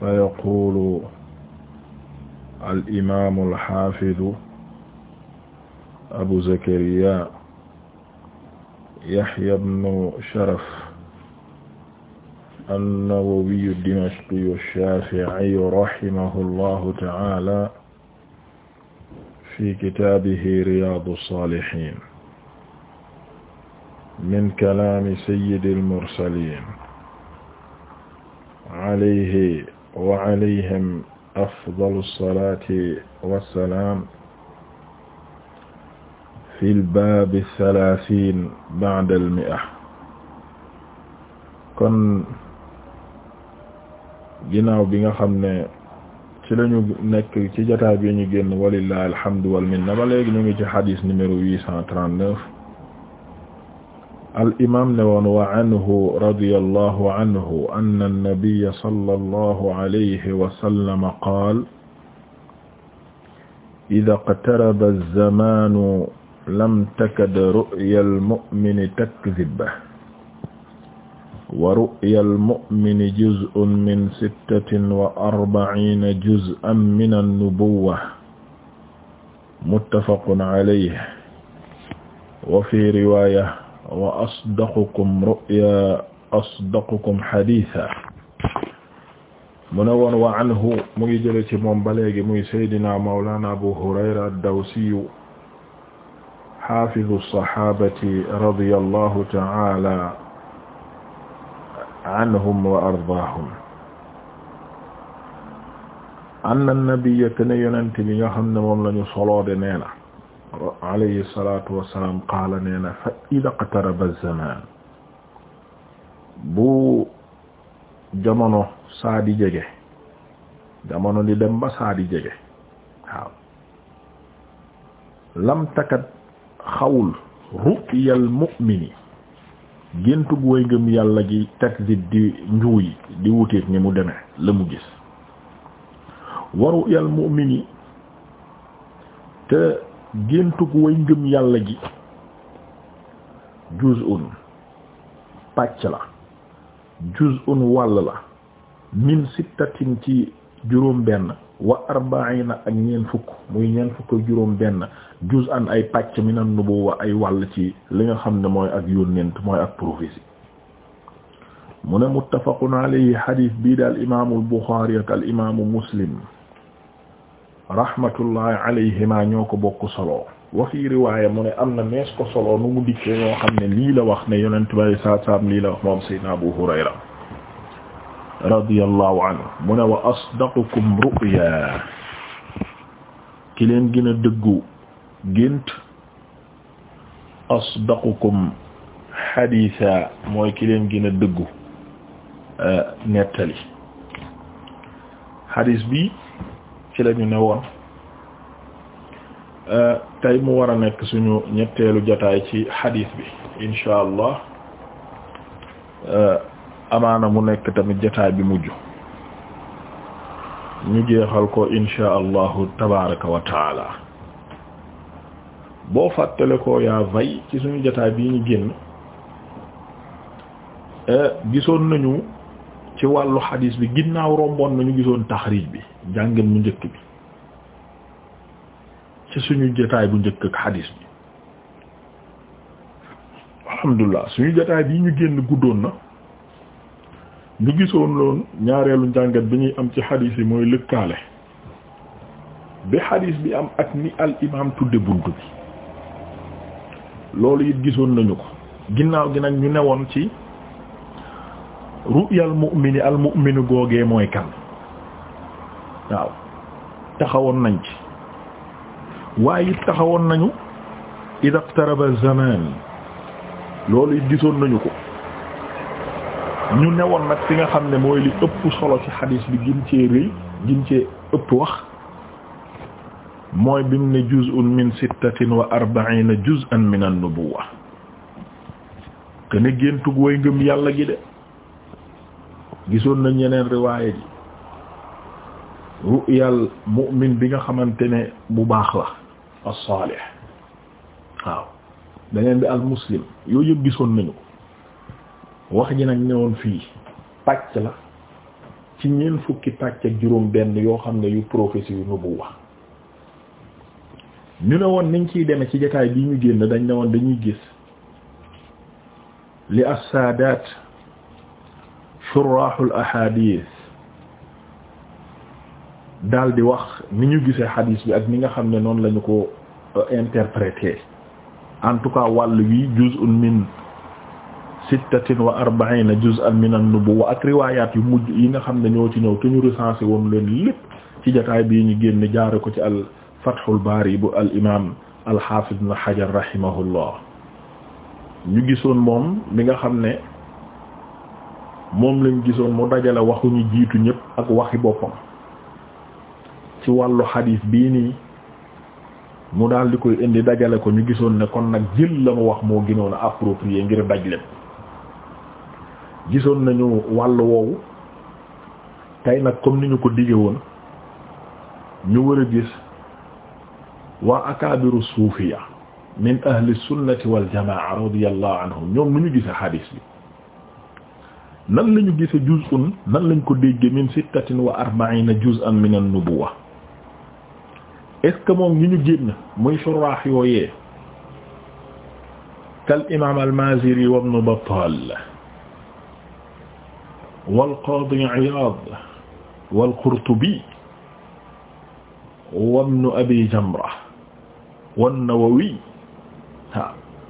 fa yaqulu al-imaamu al-xaafidu abu zakariya yahya ibnu sharaf an-nawawiyu ad-dimashqiyu ash-shaafi'iyu rahimahu llahu ta'aala fi kitaabihi riyaadu as-saalihiin min kalaami sayyidi al-mursaliin alayhi wa alayhim afdalu salaati wa salaam fil baabi salaasiin ba'dal mi'a kon ginnaaw bi nga xam ne ci lañu nekk ci jotaay bi ñu génn walillahi alhamdu wal minna ba léegi ñu ngi ci xadis numéro huit cent trente-neuf al imaam ne woon wa anhu radiyallahu anhu anna an-nabiyya sallallahu alayhi wa sallam qaala idaa iqtaraba az-zamaanu lam takad ru'ya al-mu'mini takdhib wa ru'ya al-mu'mini juz'un min sittatin wa arba'iina juz'an min an-nubuwwa muttafaqun alayhi wa fii riwaaya wa asdaqukum ru'ya asdaqukum haditha mu ne woon wa anhu mu ngi jële ci moom ba léegi muy saydina mawlana abu hurayra ad-dawsiyu xafidu sahabati radi allahu taala anhum wa ardaahum anna nabiyya kana yonent bi nga xam ne moom lañu soloo de nee na alayhi salatu wassalam qaala nee na fa ida qtaraba zaman bu jamono saa di jege jamono di dem ba saa di jege waaw lam takat xawul ru'yal mu'mini géntu gu way ngëm yàlla gi takzib di njuuy di wuteet ni mu demee la mu gis wa ru'yal mu'mini te géntug way ngëm yàlla gi juz'un pàcc la juz'un wàll la min sittatin ci juróom benn wa arba'ina ak ñeent fukk muy ñeent fukk juróom benn juz'an ay pàcc minan nubuwa ay wàll ci li nga xam ne mooy ak yónnent mooy ak prophétie mu ne muttafaqun alayhi hadith bii daal imaamul Buxaari ak al imaamu Muslim rahmatullahi alayhima ñoo ko bokk solo wa fi riwaaya mu ne am na mees ko nu mu dikkee ñoo xam ne lii la wax ne yonent bi saa saam lii la wax moom sayyidina Abu Hurayra radiyallahu anhu mu ne wa asdaqukum ru'ya ki leen gën a dëggu gént asdaqukum xadiisa mooy ki leen gën a dëggu nettali bi ci lañu ne woon euh, tey mu war nekk suñu ñetteelu jataay ci hadith bi insha allah euh, amaana mu nekk tamit jotaay bi mujj ñu jeexal ko insha allahu tabaraka wa taala boo fàttale ko yaa vay ci suñu jotaay bii ñu génn euh, gisoon nañu ci wàllu xadiis bi ginnaaw romboon nañu gisoon taxriij bi jàngin mu njëkk bi ci suñu jotaay bu njëkk ak xadiis bi alhamdulilah suñu jotaay bi ñu génn guddoon na ñu gisoon loon ñaareelu njàngat bi ñuy am ci xadiis yi mooy lëkkaale bi xadiis bi am ak ni al imaam tudde bunt bi loolu it gisoon nañu ko ginnaaw gi nag ñu newoon ci ru'yal mu'mini al mu'minu googee mooy kan waaw taxawoon nañ ci waaye it taxawoon nañu ida qtaraba zaman loolu it gisoon nañu ko ñu ne woon nag fi nga xam ne mooy li ëpp solo ci xadiis bi gin cee rëy gin cee ëpp wax mooy bim ne juz'un min sittatin wa arba'ina juz'an min an-nubuwwa kene géntug way ngëm yàlla gi de gisoon nañ yeneen riwaaya ji ru'yal mu'min bi nga xamante ne bu baax la as-salih waaw beneen bi al muslim yooyu yëpp gisoon nañu ko wax ji nag newoon fii pàcc la ci ñeent fukki pàcc ak juróom benn yoo xam ne yu prophétie yu nubuwa ñu ne woon niñ ciy deme ci jotaay bi ñu génn dañ ne woon dañuy gis li as-saadaat shurahul ahadith daal di wax ni ñu gisee xadis bi ak ni nga xam ne noonu lañu ko euh, interprété en tout cas wàll wi juz'un min sittatin wa arba'ina juz'an min an-nubuwwa ak riwaayaat yu mujj yi nga xam ne ñoo ci ñëw te ñu recensé woon leen lépp ci jotaay bii ñu génn jaare ko ci al fathul baari bu al imaam al hafiz ibn hajar rahimahullah ñu gisoon moom mi nga xam ne moom lañ gisoon mu dajale waxuñu jiitu ñépp ak waxi boppam ci wàllu xadiis bii nii mu daal koy indi dajale ko ñu gisoon ne kon nag jël la mu wax moo gënoon a approprié ngir daj leen gisoon nañu wàll woowu tey nag comme ni ñu ko dige woon ñu war a gis waa akaabiru suufiya min ahli sunnati wal jamaa radiyallahu anhum ñoom nu ñu gise xadiis bi nan lañu gise juz'un nan lañ ko dégge min sittatin wa arba'ina juz'an min an-nubuwwa est ce que moom ñu ñu génn muy surraax yooyee kal imam al-Maziri wa ibn Battal wal qaadi Iyaad wal Qurtubi wa ibn Abi Jamra wan Nawawi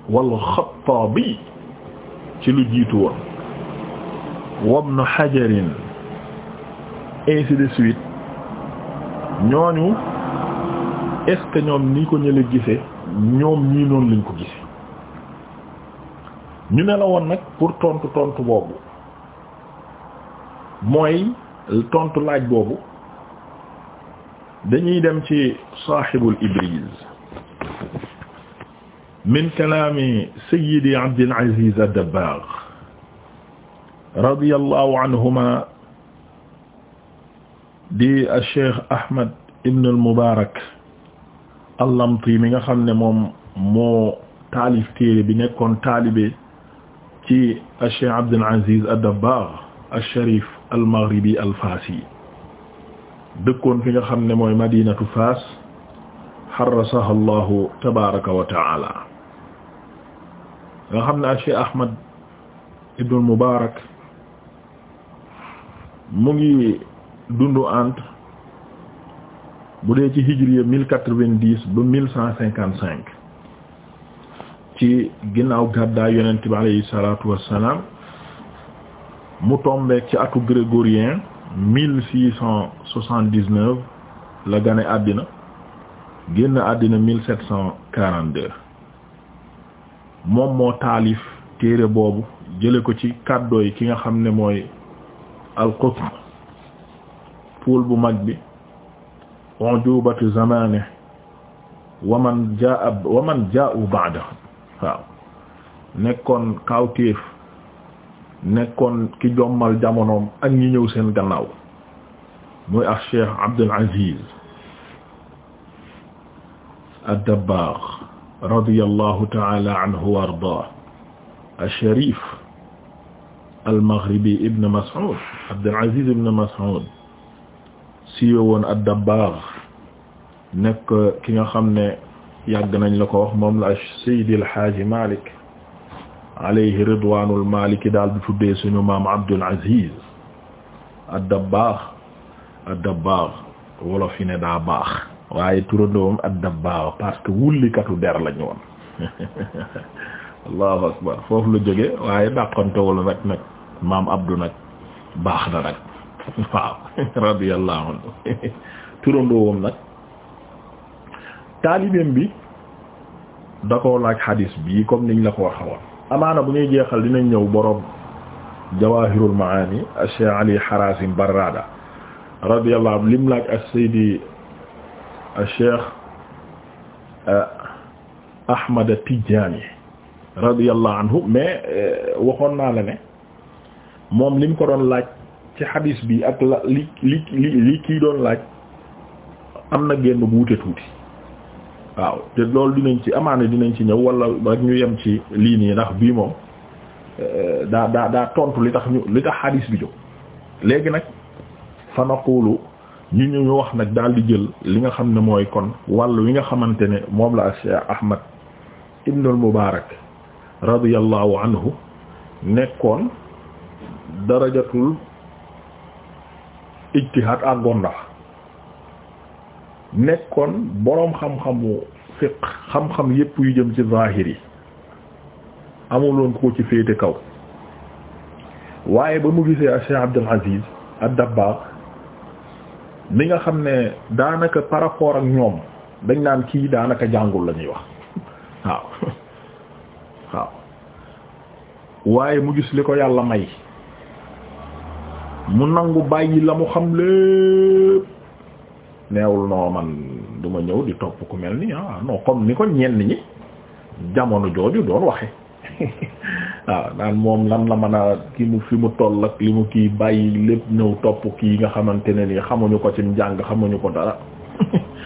wal Xattaabi ci lu jiitu woon wabnu xajarin ainsi de suite ñooñu est ni ko ñële gisee ñoom ñii noonu lañ ko gise ñu ne la woon nag pour tontu tontu boobu mooy tontu laaj boobu dañuy dem ci saaxibul ibriz min kalaami sayyidi abdil aziz ad-dabbagh radiyallahu anhuma di Cheikh Ahmad ibn al-Mubarak al-Lamti mi nga xam ne moom moo taalif téere bi nekkoon taalibe ci Cheikh Abdul Aziz ad-Dabbagh al-Sharif al-Maghribi al-Fasi dëkkoon fi nga xam ne mooy madinatu Fas xarasaha Allahu tabaaraka wa ta'ala nga xam ne Cheikh Ahmad ibn al-Mubarak mu ngi dundu entre bu dee ci hijriya mille quatre-vingt-dix ba mille cent cinquante-cinq ci ginnaaw gàddaay yonent bi alayhi salaatu wassalaam mu tombé ci atu grégorien mille six cent soixante la gane àddina génn àddina mille sept cent quarante-deux moom moo taalif téere boobu jële ko ci kàddooy ki nga xam ne mooy al-qutb pool bu mag bi ujubatu zamanihi wa man jaa wa man jaa'u ba'dahu waaw nekkoon kawtéef nekkoon ki jommal jamonoom ak ñi ñëw seen gannaaw muy ak Cheikh Abdul Aziz ad-Dabbagh radiyallahu ta'ala anhu wa ardaahu ash-Sharif al-Maghribi Ibn Mas'ud Abdul Aziz siiwe woon ad-Dabbagh nekk ki nga xam ne yàgg nañ la ko wax moom la Seydi El Hadji Malick alayhi ridwaanul daal di tuddee suñu maam Abdul Aziz ad-Dabbagh ad-Dabbagh wolof yi ne daa baax waaye turandoom ad-Dabbagh parce que wullikatu der lañu woon allahu akbar foofu la jóge waaye dàqantewul nag nag maam Abdou nag baax na nag waaw radiyallahu anhu turandoowam nag taalibeem bi da koo laaj xadis bii comme niñ la ko waxe amaana bu ñuy jeexal dinañ ñëw boroom jawahirul maani Cheikh Ali Harazim Barrada radiyallahu lim laaj ak Seydi Cheikh eh, Ahmad Tidjani radiyallahu anhu mais eh, waxoon naa la ne moom lim ko doon laaj ci xadis bi ak la li li li li kii doon laaj am na génn bu wute tuuti waaw te loolu dinañ ci amaana dinañ ci ñëw wala rek ñu yem ci lii nii ndax bii moom euh, daa daa daa tontu li tax ñu li tax xadis bi jóg léegi nag fa naqulu ñu ñu wax nag daal di jël li nga xam ne mooy kon wàll wi nga xamante ne moom la Cheikh Ahmad ibnul Mubaarak radiyallahu anhu nekkoon darajatul ijtihaad àggoon na nekkoon boroom xam-xamu fiq xam-xam yépp yu jëm ci zaahir yi amuloon ko ci féete kaw waaye ba mu gisee ak Cheikh Abdul Aziz ad-Dabbagh mi nga xam ne daanaka par rapport ak ñoom dañ naan kii daanaka jàngul la wax waaw waaw waaye mu gis li ko yàlla may mu nangu bàyyi la mu xam lépp neewul noo man duma ma ñëw di topp ku mel ni ah non comme ni ko ñenn ñi jamono jooju doon waxe waaw ah, naan moom lan la mën a ki mu fi mu toll ak li mu kii bàyyi lépp ñëw topp kii nga xamante ne nii xamuñu ko ci njàng xamuñu ko dara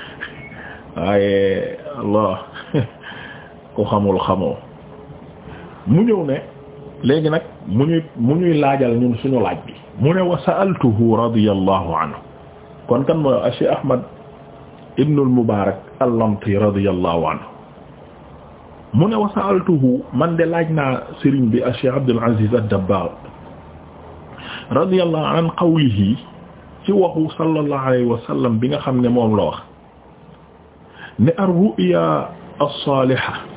waaye Allah ku xamul xamoo mu ñëw ne léegi nag mu ñuy mu ñuy laajal ñun suñu laaj bi mu ne wa sa'altuhu radiyallahu anhu kon kan mooy Cheikh Ahmad ibn al-Mubarak al-Lamti radiyallahu anhu mu ne wa sa'altuhu man de laaj naa sëriñ bi Cheikh Abdul Aziz ad-Dabbagh radiyallahu an qawlihi ci waxu sallallahu alayhi wa sallam bi nga xam ne moom la wax ne ar-ru'ya as-salihah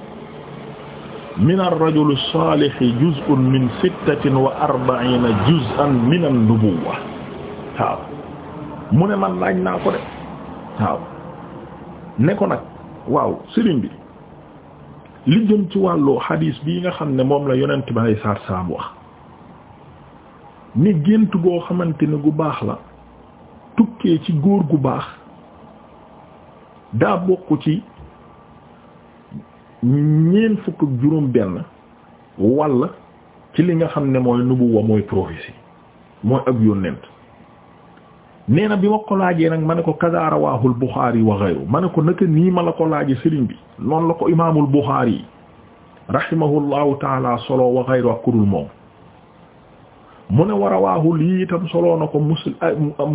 min ar-rajuli s-saalihi min sittatin wa arba'iina juz'an min an-nubuwwa waaw mu ne man laaj naa ko de waaw ne ko nag waaw sëriñ bi li jëm ci wàllu hadis bii nga xam ne moom la yonent bi ay saar saam wax ni gént goo xamante ne gu baax la tukkee ci góor gu baax daa bokk ci ñeent fukk ak juróom benn walla ci li nga xam ne mooy nubuwa mooy prophétie mooy ak yónnent nee na bi ma ko laajee nag ma ne ko kaza rawaahul Buxaari wa ghayru ma ne ko naka nii ma la ko laajee sëriñ bi noonu la ko imaamul Buxaari rahimahullahu taala solo wa ghayru ak kurul moom mu ne wa rawaahu lii itam solo na ko muslim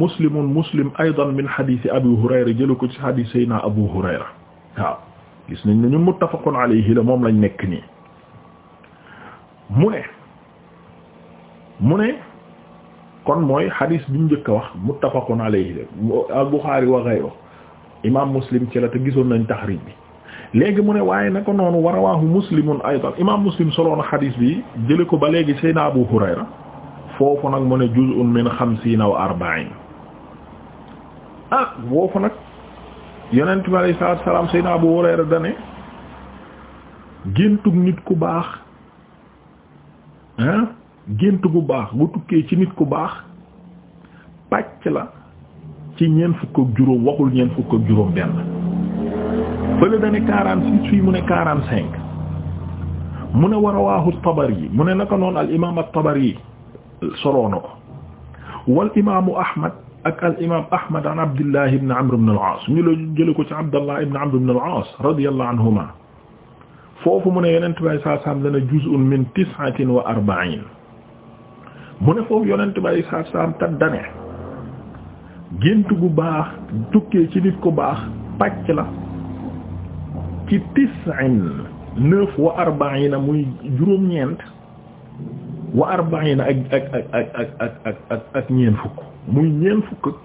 muslimun muslim aydan min hadith abi Hurayra jëlu ko ci hadith Seydina Abu Hurayra waaw gis nañ ne ñun muttafaqun alayhi la moom lañ nekk nii mu ne mu ne kon mooy xadiis bi ñu njëkk a wax muttafaqun alayhi la al-Bukhari wa ghayruhu imaam Muslim ci la te gisoon nañ taxriij bi léegi mu ne waaye naka noonu wa rawaahu muslimun aydan imaam Muslim soloon na xadiis bi jële ko ba léegi Seydina Abu Hurayra foofu nag mu ne juz'un min xamsiina wa arba'iin ah foofu nag yonent bi alayhi salaatu wa salaam Seydina Abu Hurayra dane géntug nit ku baax gént gu baax gu tukkee ci nit ku baax pàcc la ci ñeent fukk ak juróom waxul ñeent fukk ak juróom benn fële dane quarante six fii mu ne quarante cinq mu ne war a waaxu Tabari yi mu ne naka noon al imaam ak tabari yi soloo na ko wal imaamu Ahmad ak al imaam Ahmad an Abdullah ibn Amr ibn al-Aas ñu la jëlee ko ci Abdullah ibn Amr ibn al-Aas radiyallahu anhuma foofu mu ne yonent bi sallallahu alayhi wasallam min tis'atin wa arba'in mu ne foofu yonent bi sallallahu alayhi gént gu baax tukkee ci nit ku baax pàcc la ci tis'in neuf wa arba'in muy juróom-ñeent wa arba'iina ak ak ak ak ak ak ñeent fukk muy ñeent fukk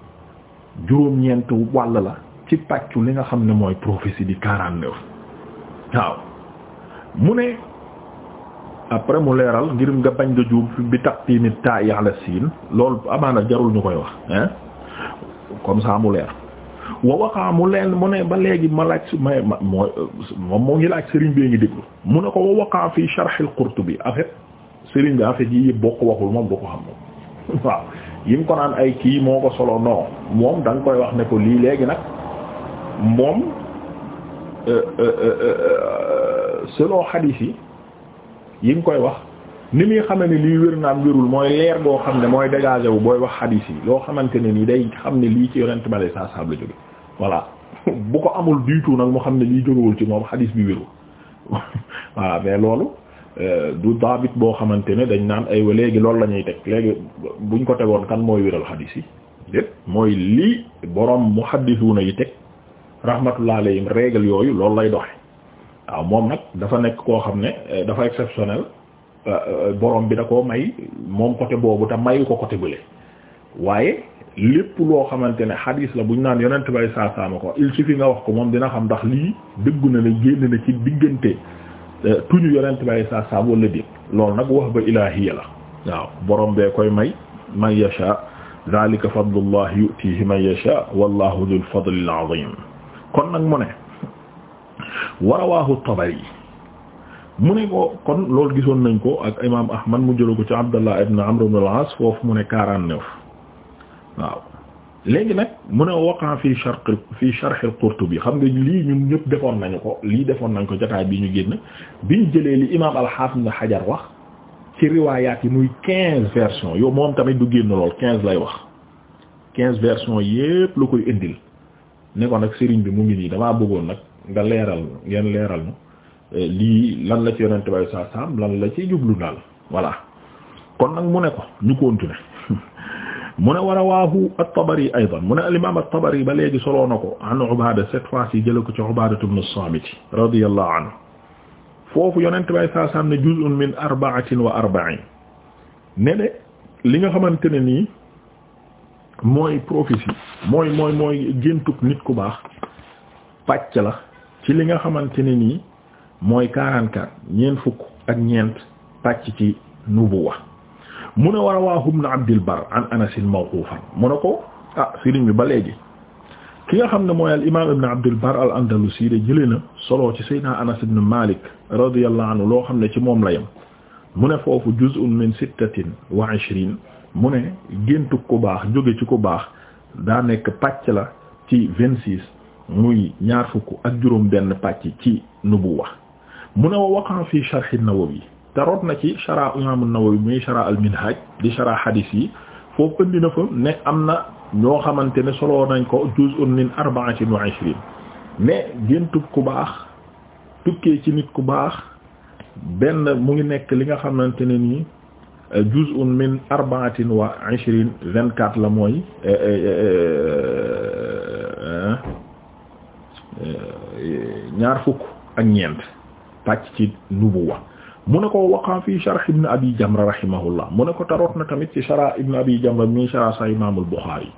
juróom-ñeent wàll la ci pàccu li nga xam ne mooy prophétie di quarante neuf waaw mu ne après mu leeral ngir nga bañ nga juum fi bi tax tiimi taa yàlla siin loolu amaana jarul ñu koy wax hein comme ça mu leer wa mu leen mu ne ba léegi ma laaj ma ma mooy moom moo ngi laaj sëriñ bee ngi déglu mu ne ko wa waxaa fii sharh al-Qurtubi sëriñ bi en fait yii yëpp boo ko waxul moom du ko xam moom waaw yi mu ko naan ay kii moo ko solo non moom da koy wax ne ko lii léegi nag moom euh, euh, euh, selon xadiis yi yi nga koy wax ni muy xame ne lii wér naam wérul mooy leer boo xam ne mooy dégagé wu booy wax xadiis yi loo xamante ne nii day xam ne lii ci yonent bale saa saab la jóge voilà bu ko amul du tout nag mu xam ne lii jógewul ci moom xadiis bi wérul voilà mais loolu Euh, du daabit boo xamante ne dañ naan aywa léegi loolu la ñuy teg léegi buñ ko tegoon kan mooy wéral xadiis yi déet mooy lii borom muhaddisuuna yi teg rahmatullah alayhim règle yooyu loolu lay doxe waaw moom nag dafa nekk koo xam ne euh, dafa exceptionnel euh, borom bi da koo may moom côté boobu te mayu ko côté bële waaye lépp loo xamante ne xadiis la buñ naan yonent bay saa ko il suffit nga wax ko moom dina xam ndax lii dëggu na ne génn na ci diggante Euh, tuñu yonent bi ay saa saam wala déet loolu nag wax ba ilaahiya la waaw borom bee koy may man yasha zalika fadlullah yu'tihi man yasha wallahu dhul fadlil azim kon nag mu ne warawaahu tabari mu ne ko kon loolu gisoon nañ ko ak imam ahmad mu jëlo ko ci abdallah ibn amr ibn al-as foofu mu ne quarante-neuf waaw léegi nag mu ne waqan fii sharh fii sharh al bi xam nga lii ñun ñëpp defoon nañu ko lii defoon nañ ko jotaay bi ñu génn bi jëlee li imaam al-Hafiz Ibn wax ci riwaayaat yi muy quinze versions yow moom tamit du génn lool quinze lay wax quinze versions yépp lu koy indil ne ko nag sëriñ bi mu ngi nii damaa bëggoon nag nga leeral ngeen leeral ñu eh, lii lan la ci yonente bay saa saam lan la ci jublu daal voilà kon nag mu ne ko ñu continuer mu ne war a waahu at-Tabari aydan mu ne al-imam at-Tabari ba léegi soloo na ko an Ubaada cette fois ci jële ko ci Ubaada ibn as-Saamit radiyallahu anhu foofu yonent bay saa saam ne juz'un min arba'atin wa arba'in ne de li nga xamante ne nii mooy prophétie mooy mooy mooy géntug nit ku baax pàcc la ci li nga xamante ne nii mooy quarante-quatre ñeent fukk ak ñeent pàcc ci nubuwa mu ne war a waahu ibn Abdil Barr an Anas mawqufan mu ne ko ah sëriñ bi ba léegi ki nga xam ne mooy al imaam ibn Abdil Barr al Andalusi de jëlee na solo ci Seydina Anas ibn Malik radiyallahu anhu loo xam ne ci moom la yem mu ne foofu juz'un min sittatin wa ishrin mu ne géntu ku baax jóge ci ku baax daa nekk pàcc la ci vingt six muy ñaar fukk ak juróom benn pàcc ci nubuwa mu ne wa waqa fi sharh an-Nawawi te rot na ci shara imam an-Nawawi muy shara al-Minhaj di shara hadis yi foofu indi na fa ne am na ñoo xamante ne soloo nañ ko juz'un min arba'atin mais géntub ku baax tukkee ci nit ku baax benn mu ngi nekk li nga xamante ne nii euh, juz'un min arba'atin wa ishrin vingt quatre la mooy euh, euh, ñaar fukk ak ñeent pàcc ci nubuwa mu ne ko waqaa fii sharh ibn abi jamra rahimahullah mu ne ko taroot na tamit ci sharh ibn abi jamra mi sharh sa imam al-bukhari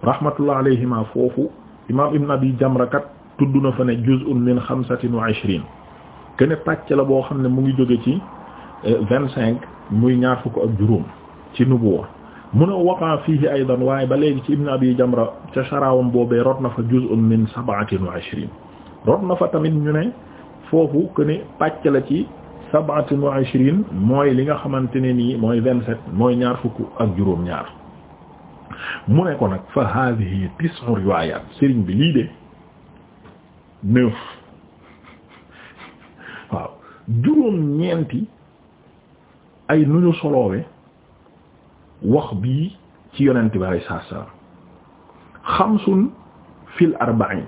rahmatullah alayhima foofu imam ibn abi jamra kat tudd na fa ne juz'un min xamsatin wa ishrin gën a la boo xam ne mu ngi jóge ci eh, vingt cinq muy ñaar fukk ak juróom ci nubuwa mu ne waqaa fiihi aydan waaye ba léegi ci ibn abi jamra ca sharawam boobee rot na fa juz'un min sab'atin wa ishrin rot na fa tamit ñu ne foofu que ne la ci sab'atun wa mooy li nga xamante ne nii mooy vingt-sept mooy ñaar fukk ak juróom ñaar mu ne ko nag fa hadhihi tis'u riwayat sëriñ bi lii de neuf waaw juróom ñeenti ay nu ñu soloowe wax bii ci yonent bi alei saatu salam xamsun fil arba'in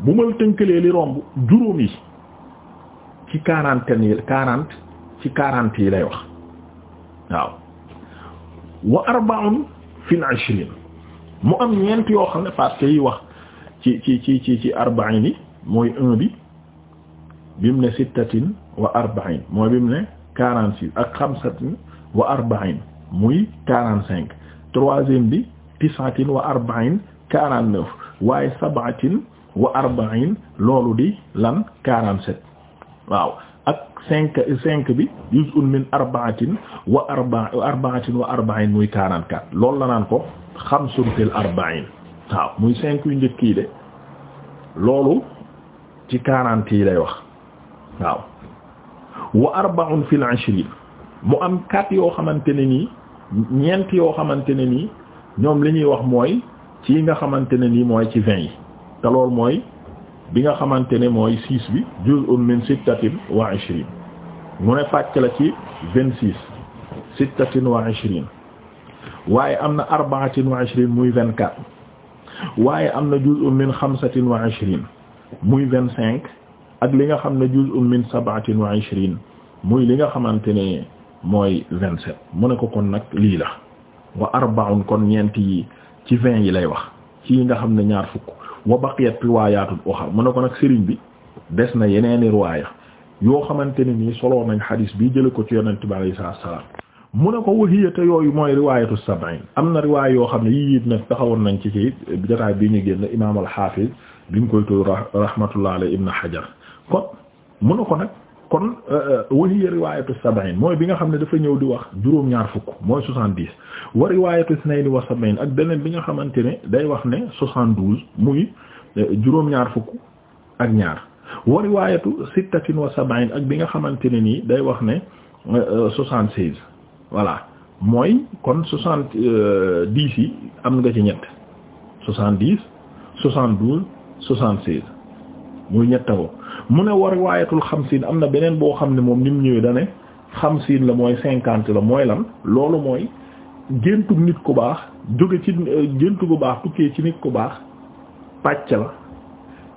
bu mal tënkalee li romb juróom yi ci quarante yi quarante ci quarante yi lay wax waaw wa arba'un fil mu am ñeent yoo xam ne parce yi wax ci ci ci ci ci arba'in yi mooy un bi bimu ne sittatin wa arba'in mooy bimu ne quarante six ak xamsatin wa arba'in muy quarante cinq troisième bi tisaatin wa arba'in quarante neuf waaye sab'atin wa arba'in loolu di lan quarante sept waaw ak cinq cinq bi juz'un min arba'atin wa arba wa arba'in muy quarante quatre loolu la naan ko xamsun fil arba'in waaw muy cinq yu njëkk yi de loolu ci quarante yi lay wax waaw wa arba'un fil mu am quatre yoo xamante ne nii ñeent yoo xamante ne nii ñoom li ñuy wax mooy ci nga xamante ne nii mooy ci vingt yi te loolu mooy bi nga xamante ne mooy six bi juz'un min sittatin wa ishrin mu ne pàcc la ci vingt six sittatin wa ishrin waaye am na arba'atin muy vingt quatre waaye am na juz'un min xamsatin wa ishrin muy vingt cinq ak li nga xam ne juz'un min sab'atin wa ishrin muy li nga xamante ne mooy vingt sept mu ne ko kon nag lii la wa arba'un kon ñeent yi ci vingt yi lay wax ci nga xam ne ñaar fukk wa baqiyat riwaayaatun uxra mu ne ko nag sëriñ bi des na yeneeni riwaaya yoo xamante ni nii soloo nañ xadiis bi jële ko ci yonent bi alayhi salaatu wa salaam mu ne ko wahiya yooyu mooy riwaayatu sab'in am na riwaay yoo xam ne yii yit nag taxawoon nañ ci ci jotaay bi ñu génn imaam al-Hafiz bi mu koy tudd rahmatullah alayhi ibn Hajar kon mu ne ko nag kon euh, euh, wa hiya riwaayatu sab'in mooy bi nga xam ne dafa ñëw di wax juróom-ñaar fukk mooy soixante-dix wa riwaayatu isnayn wa sab'in ak beneen bi nga xamante ne day wax ne soixante-douze muy euh, juróom-ñaar fukk ak ñaar wa riwaayatu sittatin ak bi nga xamante ne nii day wax ne soixante-seize voilà mooy kon soixante-dix yi am nga ci ñett soixante-dix soixante-douze soixante-seize muy ñett ko mu ne war riwaayatul xamsiin am na beneen boo xam ne moom ni mu ñëwee da ne xamsiin la mooy cinquante la mooy lan loolu mooy géntu nit ku baax jóge ci géntu bu baax tukkee ci nit ku baax pàcc la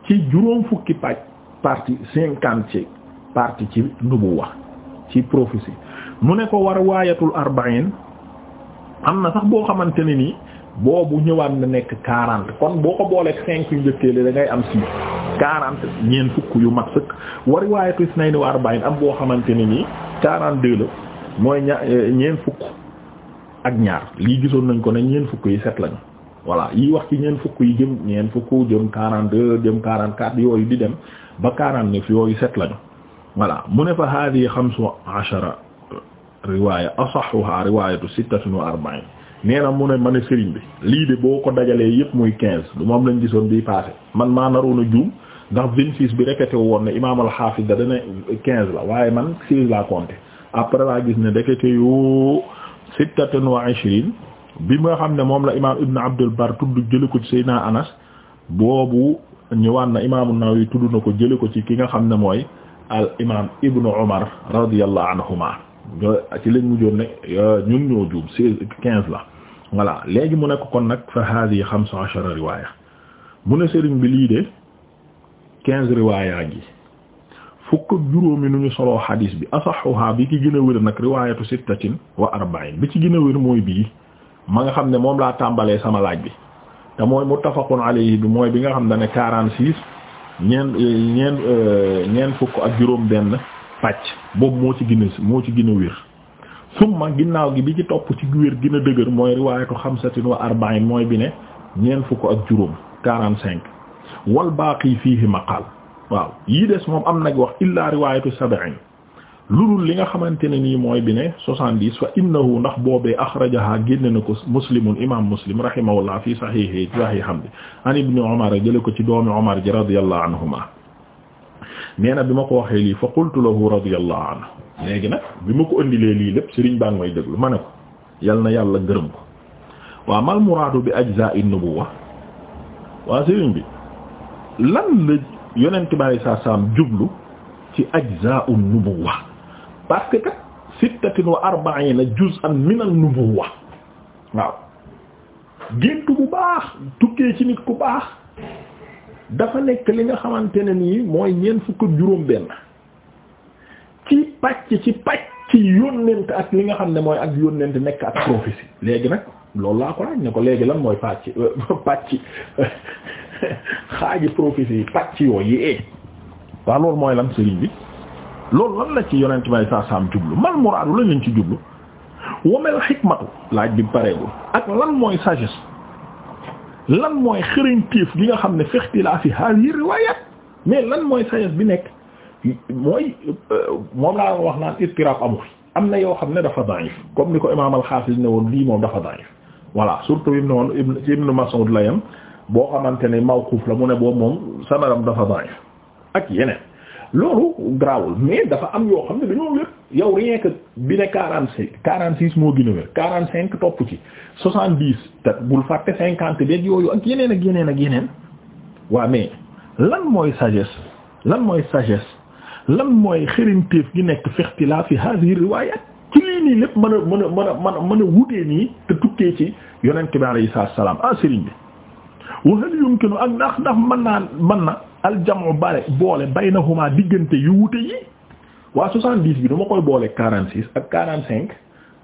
ci juróom fukki pàcc parti cinquante ci partie ci nubuwa ci prophétie mu ne ko war waayatul arbaine am na sax boo xamante ne nii boobu ñëwaat na nekk quarante kon boo ko booleeg cinq yu njëkkee li da ngay am six quarante ñeent fukk yu mat sëkk wa riwaayatu isnayni wa arba'in am boo xamante ne nii quarante deux la mooy ña euh, ñeent fukk ak ñaar lii gisoon nañ ko ne ñeent fukk yi set lañu voilà yi wax ci ñeent fukk yi jëm ñeent fukk jëm quarante deux jëm quarante quatre yooyu di dem ba quarante neuf yooyu set lañu voilà mu ne fa hadihi xamsu ashara riwaya asahuha riwayatu sittatin wa arba'in nee na mu ne ma ne sëriñ bi lii de boo ko dajalee yëpp muy quinze du lañ gisoon bii passé man maa naroon a juum ndax vingt-six bi répété woon ne imaam al-Hafiz da dane quinze la waaye man seize la après laa gis ne ndekete yu sittatun wa ishrine bi nga xam ne moom la imaam Ibn Abdul Bar tudd jële ko ci Seydina Anas boobu ñëwaan na imaam an yi tudd na ko jële ko ci ki nga xam ne mooy al imaam Ibn Umar radiyallahu anhuma ci lañ mujjoon ne ñun ñoo juum seize quinze la wala léegi mu nekk kon nag fa hadi xamsa ashara riwaya mu ne sëriñ bi lii de quinze riwaaya gi fukk ak juróomi nu ñu soloo xadiis bi asaxuha bi ki gën a wér nag riwaayatu sittatin wa arba'in bi ci gën a wér mooy bii ma nga xam ne moom laa tàmbalee sama laaj bi te mooy muttafaqun alayhi bi mooy bi nga xam ne quarante six ñeen ñeen euh, ñeen fukk ak juróom benn pàcc boobu moo ci gën a moo ci gën a wér summa ginnaaw gi bi ci topp ci wér gën a dëgër mooy riwaayatu xamsatin wa arba'in mooy bi ne ñeen fukk ak juróom quarante cinq wal baaqi fiihi maqaal waaw yii des moom am nag wax illaa riwaayatu sab'in lulul li nga xamante ne nii mooy bi ne soixante-dix fa innahu ndax boobee axrajaha génne na ko muslimun imam muslim rahimahullah fi sahihi sahiham bi an ibni omar jële ko ci doomi omar ji radiyallahu anhuma nee bi ma ko waxee lii fa qultu lahu radiyallahu anhu léegi nag bi ma ko indilee lii lépp sëriñ baa ngi may déglu ma ne ko yal na yàlla gërëm ko waa mal muraadu bi ajza'in nubuwwa waa sëriñ bi lan la yonent bi saam jublu ci ajzaa'u nubuwa parce que kat sittatin wa arba'ina juz'an min an-nubuwa waaw géntu bu baax tukkee ci nit bu baax dafa nekk li nga xamante ne nii mooy ñeent fukk ak juróom benn ci pàcc ci pàcc ci yónnent ak li nga xam ne mooy ak yónnent nekk ak prophétie léegi nag loolu laa ko laaj ne ko léegi lan mooy pàcc euh, pàcc xaaji prophétie yi pàcc yooyu yee loolu mooy lan sëriñ bi loolu lan la ci yonent may saa saam jublu mal muraadu lañ lañ ci jublu womel xikmatu laaj bi pareegul ak lan mooy sagesse lan mooy xërëñtéef gi nga xam ne fextilaafi haali riwayat mais lan mooy sagesse bi nekk mooy euh, moom laa wax naan ittirab amu am na yoo xam ne dafa da'if comme ni ko imaam al-Hafiz ne woon lii moom dafa da'if voilà surtout yim woon ibn Mas'ud la yam boo xamante ne mawquf la mu ne boobu moom sanadam dafa da'if ak yeneen loolu graawul mais dafa am yoo xam ne dañoo wér yow rien que bi ne quarante six quarante six moo gën a wér quarante cinq topp ci soixante dix te bul fàtte cinquante beeg yooyu ak yeneen ak yeneen ak yeneen waa mais lan mooy sagesse lan mooy sagesse lan mooy xërintéef gi nekk fi ixtilaafi hadhihi riwayat ci lii nii lépp mën a mën a mën a mën a mën a wutee nii te tukkee ci yonent bi alayhi salaam ah bi wa hal yumkinu ak ndax ndax mën naa mën na aljamu bare boole baynahuma diggante yu wute yi waa soixante-dix bi du ma koy boole quarante-six ak quarante-cinq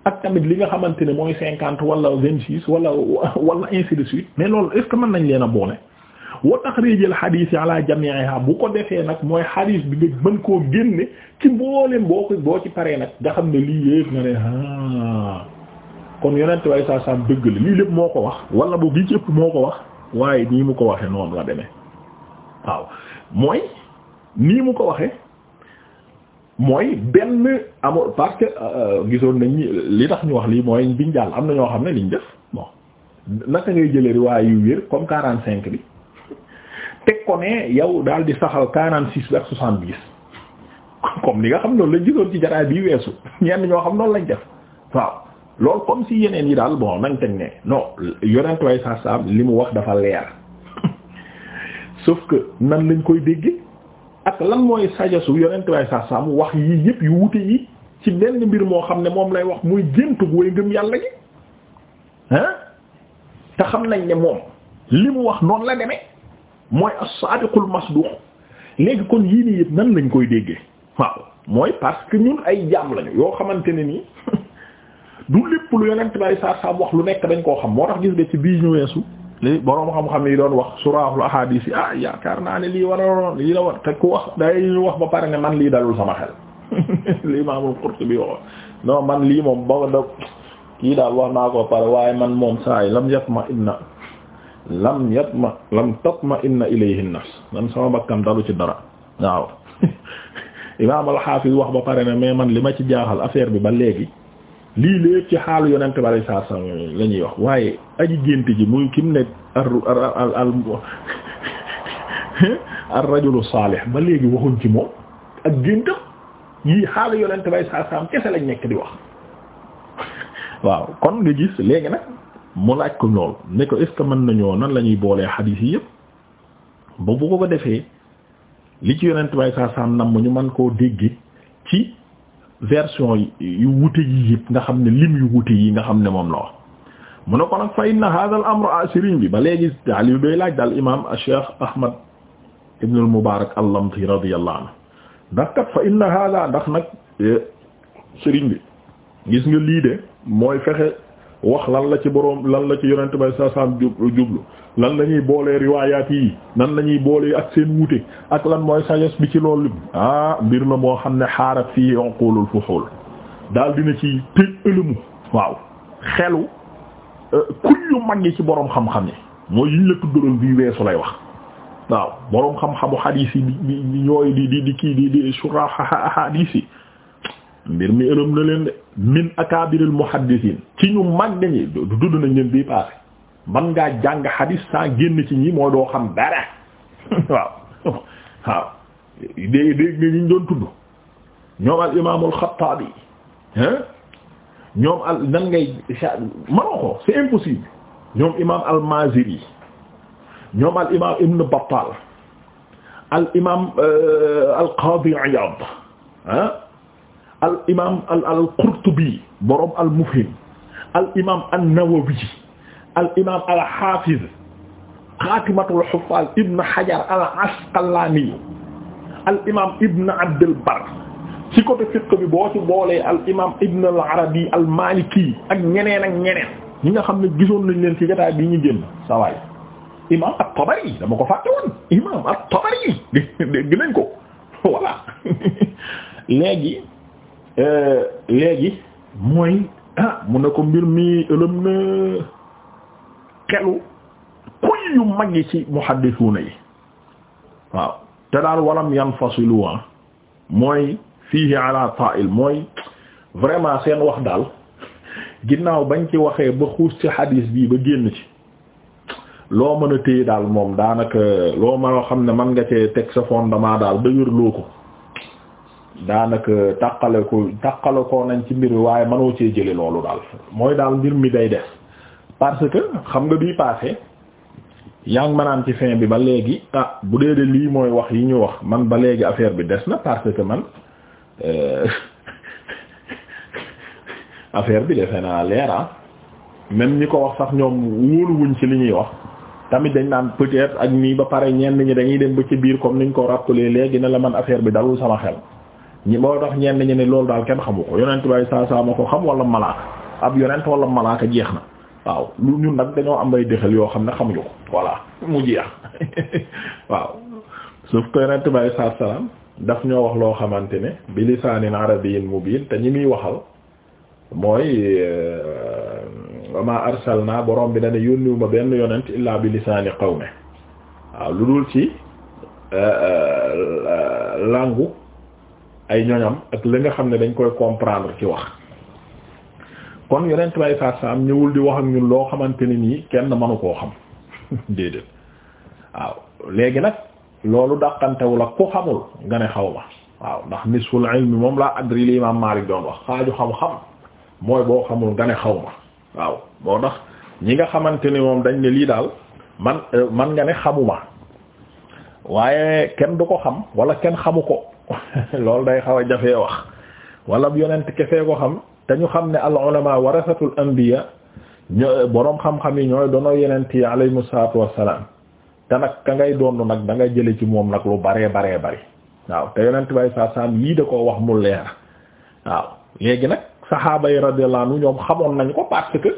ak tamit li nga xamante ne mooy cinquante wala vingt-six wala wala ainsi de suite mais loolu est ce que mën nañ leen a boole wa taxrijil xadiis yi ala jamiiha bu ko defee nag mooy xadiis bi nga mën koo génne ci mbooleem boo ko boo ci paree nag nga xam ne lii yépp nga ne ah kon yonent way saa sam dëgg lépp moo ko wax wala boobu lii ci ëpp ko wax waaye nii mu ko waxee noonu la deme waaw mooy nii mu ko waxee mooy benn amul parce que euh, gisoon nañ li tax ñu wax lii mooy biñ jàll am na ñoo xam ne liñ def bon naka ngay jëlee riwaay yu wér comme quarante cinq bi teg ko ne yow daal di saxal quarante six bi ak soixante dix comme li nga xam noonu lañ gisoon ci jaraay bi weesu ñenn ñoo xam noonu lañ def waaw lool comme ci yeneen yi daal bon nañ teg ne non yonent way sa saam li mu wax dafa leer sauf que nan lañ koy dégge ak lan mooy sajasu yonent way sa saam wax yi yépp yu wute yi ci benn mbir moo xam ne moom lay wax muy géntug way ngëm yàlla gi ah te xam nañ ne moom li mu wax noonu la demee mooy as-sadiqul masduq léegi kon yii nii yëpp nan lañ koy déggee waaw mooy parce que ñun ay jaam lañu yoo xamante ne nii du lépp lu yonent bay saa saam wax lu nekk dañ koo xam moo tax gis nga ci bii ñu weesu li boroom xam-xam yi doon wax suraahul ahadis yi ah yaakaar naa ne lii war a lii la war te ku wax day ñu wax ba pare ne man lii dalul sama xel lii Imaamul man lii moom ba da kii daal wax naa ko pare waaye man moom saa yi lam yatma inna lam yatma lam tatma inna ilayhi nafs man sama bakkan dalu ci dara waaw Imaamul Haafiz wax ba pare ne mais man li ma ci jaaxal affaire bi ba léegi lii lépp ci xaalu yonent bi alayhi salaatu salaam la ñuy wax waaye aji gént ji muy kim ne ar al al rajulu saalih ba léegi waxuñ ci moom ak géntam yii xaalu yonent bi alayhi kese lañ nekk di wax waaw kon nga gis léegi nag mu laaj ko lool ne ko ce que mën nañoo nan la ñuy boolee xadiis yi yëpp ba bu ko ko defee li ci yonent bi alayhi salaatu salaam ñu mën koo dégg ci version yu wute yi yëpp nga xam ne lim yu wute yi nga xam ne moom la wax mu ne ko nag fa inna hadha al amru asirin bi ba léegi daal yu doy laaj daal imam Cheikh Ahmad ibn al Mubarak al-Lamti radiyallahu anhu ndax kat fa inna hadha ndax nag eh, sëriñ bi gis nga lii de mooy fexe wax lan la ci boroom lan la ci yonent bay sa saam jublu lan la ñuy boolee riwaayaat yi nan la ñuy boolee ak seen wuute ak lan mooy sagesse bi ci loolu ah mbir la moo xam ne xaarat fii yonqoolul fu xool daal dina ci tëj ëlëmu waaw xelu kuñ mag yi ci boroom xam-xam yi mooy yiñ la tuddaloon bii weesu lay wax waaw boroom xam-xamu xadiis yi ñooy di di kii di di surax xadiis yi mbir mi ërëm na leen min akabiril muhaddisiin ci ñu mag ñi dudd nañ leen bii passé man ngaa jàng xadis sans génn ci ñi moo doo xam dara waaw waaw dé nga ñu doon tudd ñoom al imaamul Xattaabi ñoom al nan ngay manoo ko c'est impossible ñoom imaam al ñoom al imaam Ibn Battal al imaam euh, al imaam al al qurtubi borom al mufhim al imaam an nawawi al imaam al hafiz xaatimatul huffaz ibn hajar al asqalani al imaam ibn abd al bar ci côté fiqh bi boo ci boolee al imaam ibn al arabi al maliki ak ñeneen ak ñeneen ñi nga xam ne gisoon nañ leen ci jotaay bi ñu génn sa waay imaam at-Tabari dama ko fàtte woon imaam at-Tabari dégg nañ ko voilà léegi Euh, léegi mooy ah mu ne ko mbir mi ëlëm na xelu kuy yu mag yi ci muhaddisuuna yi waaw te daal walam yan yanfasilu ah, mooy fiihi ala ta'il mooy vraiment seen wax daal ginnaaw bañ ci waxee ba xuus ci xadiis bii ba génn ci loo mën a téye daal moom daanaka loo mën a xam ne man nga cee teg sa fondement daal dëgërloo ko daanaka taqale ko taqale ko nañ ci mbir waaye mënoo cee jële loolu daal mooy daal mbir mi day des parce que xam nga bii passé yaa ngi mënaan ci fin bi ba léegi ah bu dee de lii mooy wax yi ñu wax man ba léegi affaire bi des na parce que man euh, affaire bi defe naa leera ah. même ñi ko wax sax ñoom wóoluwuñ ci li ñuy wax tamit dañ naan peut-être ak nii ba pare ñenn ñi dañuy dem ba ci biir comme niñ ko rappelé léegi ne la man affaire bi dalul sama xel ñi moo tax ñenn ñi ne loolu daal kenn xamu ko yonent bay saa ko xam wala malaaka ab yonent walla malaaka jeex na waaw lu ñun nag dañoo am ay dëxal yoo xam ne xamuñu ko voilà mu jeex waaw sauf que yonent bay saa daf ñoo wax loo xamante ne bi lisaanin arabiyyin mubiin te ñi muy waxal mooy euh, wama arsalna borom bi dana ma benn yonent illaa bi lisaani qawme waaw lu dul ci euh, euh, langu ay ñoñam ak li nga xam ne dañ koy comprendre ci wax kon yonent bay saat sa am ñëwul di wax ak ñun loo xamante ne nii kenn mënu koo xam déedéet waaw léegi nag loolu dàqantewul ak ku xamul nga ne xaw ma waaw ndax nisful ilmi moom laa adri li imam Malik doon wax xaaju xam-xam mooy boo xamul nga ne xaw ma waaw moo tax ñi nga xamante ne moom dañ ne lii daal man man nga ne xamuma waaye kenn du ko xam wala kenn xamu ko loolu day xaw a jafee wax wala yonent kefee ko xam te ñu xam ne al ulama warasatul anbiya ño boroom xam-xam yi ñooy doonoo yonent yi alayhimu salaatu wassalaam te nag ka ngay doon nag da nga jële ci moom nag lu baree baree bari waaw te yonent bay saa saam yii da koo wax mu leer waaw léegi nag saxaaba yi radiyallahu anhu ñoom xamoon nañ ko parce que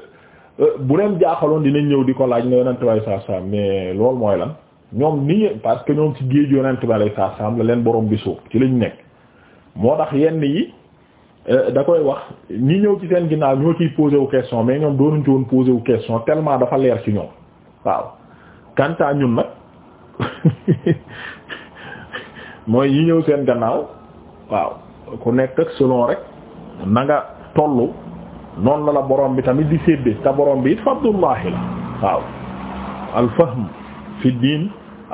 euh, bu leen jaaxaloon dinañ ñëw di ko laaj ne yonent bay saa saam mais loolu mooy lan. ñoom ni parce que ñoom ci géej yonent bi alayhi salaam la leen borom bi suuf ci lañ nekk moo tax yenn yi euh, da koy wax ñi ñëw ci seen ginnaaw ñoo ci posé wu question mais ñoom doonuñ ci woon posé wu question tellement dafa leer ci ñoom waaw kanta ñun nag mooy yi ñëw seen gannaaw waaw ku nekk ak rek na nga tollu noonu la la borom bi tamit di séddee te borom bi it fadlullahi la waaw al fahm fi diin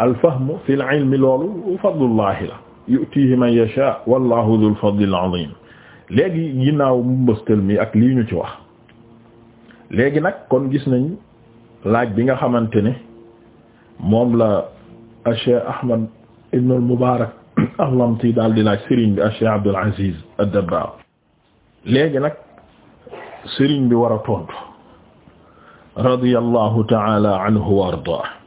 alfahmu fi l ilmi loolu fadlullahi la yutihi man yasha wallahu dhul fadli al azim léegi ginnaaw mu mbëstal ak lii ñu ci wax léegi nag kon gis nañ laaj bi nga xamante ne moom la Cheikh Ahmad ibn al Mubarak al-Lamti daal di laaj sëriñ bi Cheikh Abdul Aziz ad-Dabbar léegi nag sëriñ bi war a tontu radiyallahu ta'ala anhu wa ardaah